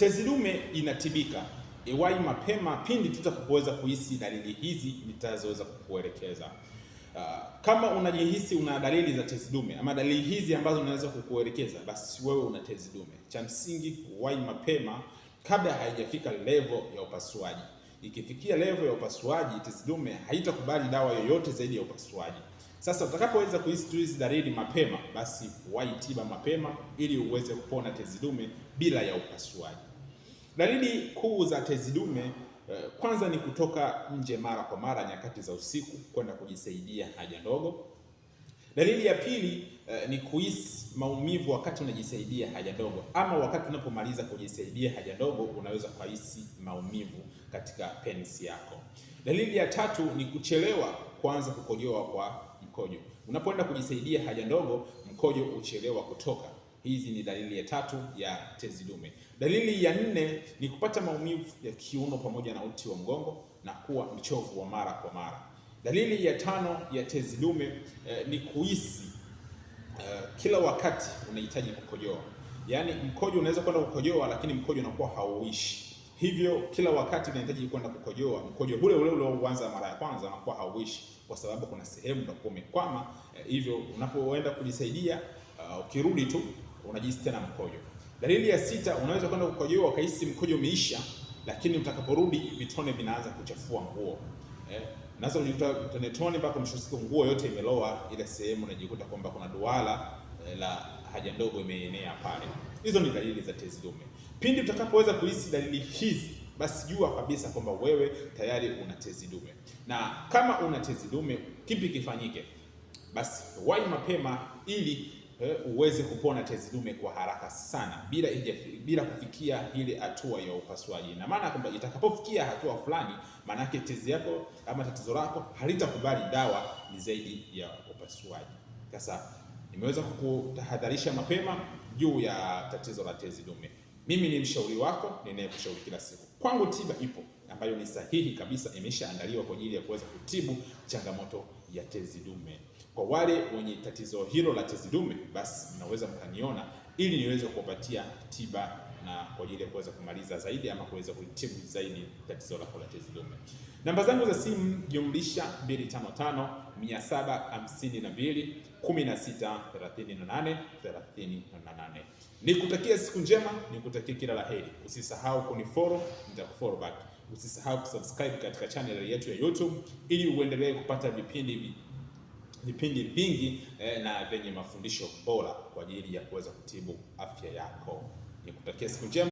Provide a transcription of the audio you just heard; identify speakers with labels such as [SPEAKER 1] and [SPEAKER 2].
[SPEAKER 1] Tezi dume inatibika iwai mapema pindi tutakapoweza kuhisi dalili hizi nitazoweza kukuelekeza. Uh, kama unajihisi una dalili za tezi dume ama dalili hizi ambazo unaweza kukuelekeza, basi wewe una tezi dume. Cha msingi uwai mapema kabla haijafika level ya upasuaji. Ikifikia level ya upasuaji, tezi dume haitakubali dawa yoyote zaidi ya upasuaji. Sasa utakapoweza kuhisi hizi dalili mapema, basi uwai tiba mapema ili uweze kupona tezi dume bila ya upasuaji. Dalili kuu za tezi dume eh, kwanza ni kutoka nje mara kwa mara nyakati za usiku kwenda kujisaidia haja ndogo. Dalili ya pili eh, ni kuhisi maumivu wakati unajisaidia haja ndogo, ama wakati unapomaliza kujisaidia haja ndogo unaweza kuhisi maumivu katika penis yako. Dalili ya tatu ni kuchelewa kuanza kukojoa kwa mkojo. Unapoenda kujisaidia haja ndogo, mkojo uchelewa kutoka. Hizi ni dalili ya tatu ya tezi dume. Dalili ya nne ni kupata maumivu ya kiuno pamoja na uti wa mgongo na kuwa mchovu wa mara kwa mara. Dalili ya tano ya tezi dume eh, ni kuhisi eh, kila wakati unahitaji kukojoa, yaani mkojo unaweza kwenda kukojoa, lakini mkojo unakuwa hauishi, hivyo kila wakati unahitaji kwenda kukojoa. Mkojo ule ule ule uanza mara ya kwanza unakuwa hauishi, kwa sababu kuna sehemu unakuwa umekwama eh, hivyo unapoenda kujisaidia, uh, ukirudi tu unajihisi tena mkojo. Dalili ya sita, unaweza kwenda kukojoa ukahisi mkojo umeisha, lakini utakaporudi vitone vinaanza kuchafua nguo eh, nazo unajikuta vitone tone mpaka mwisho siku nguo yote imeloa ile sehemu, unajikuta kwamba kuna duara eh, la haja ndogo imeenea pale. Hizo ni dalili za tezi dume. Pindi utakapoweza kuhisi dalili hizi basi jua kabisa kwamba wewe tayari una tezi dume, na kama una tezi dume, kipi kifanyike? Basi wahi mapema ili Eh, uweze kupona tezi dume kwa haraka sana bila bila kufikia ile hatua ya upasuaji. Na maana kwamba itakapofikia hatua fulani, maanake tezi yako ama tatizo lako halitakubali dawa ni zaidi ya upasuaji. Sasa nimeweza kukutahadharisha mapema juu ya tatizo la tezi dume. Mimi ni mshauri wako ninayekushauri kila siku. Kwangu tiba ipo ambayo ni sahihi kabisa, imeshaandaliwa kwa ajili ya kuweza kutibu changamoto ya tezi dume. Kwa wale wenye tatizo hilo la tezi dume, basi mnaweza mkaniona ili niweze kuwapatia tiba na kwa ajili ya kuweza kumaliza zaidi ama kuweza kuitibu zaidi tatizo lako la tezi dume. Namba zangu za simu jumlisha 255752163838. Nikutakia siku njema, nikutakia kila la heri. Usisahau kunifollow, nitakufollow back. Usisahau kusubscribe katika channel yetu ya YouTube ili uendelee kupata vipindi vipindi vingi eh, na vyenye mafundisho bora kwa ajili ya kuweza kutibu afya yako. porque compartilhei um dia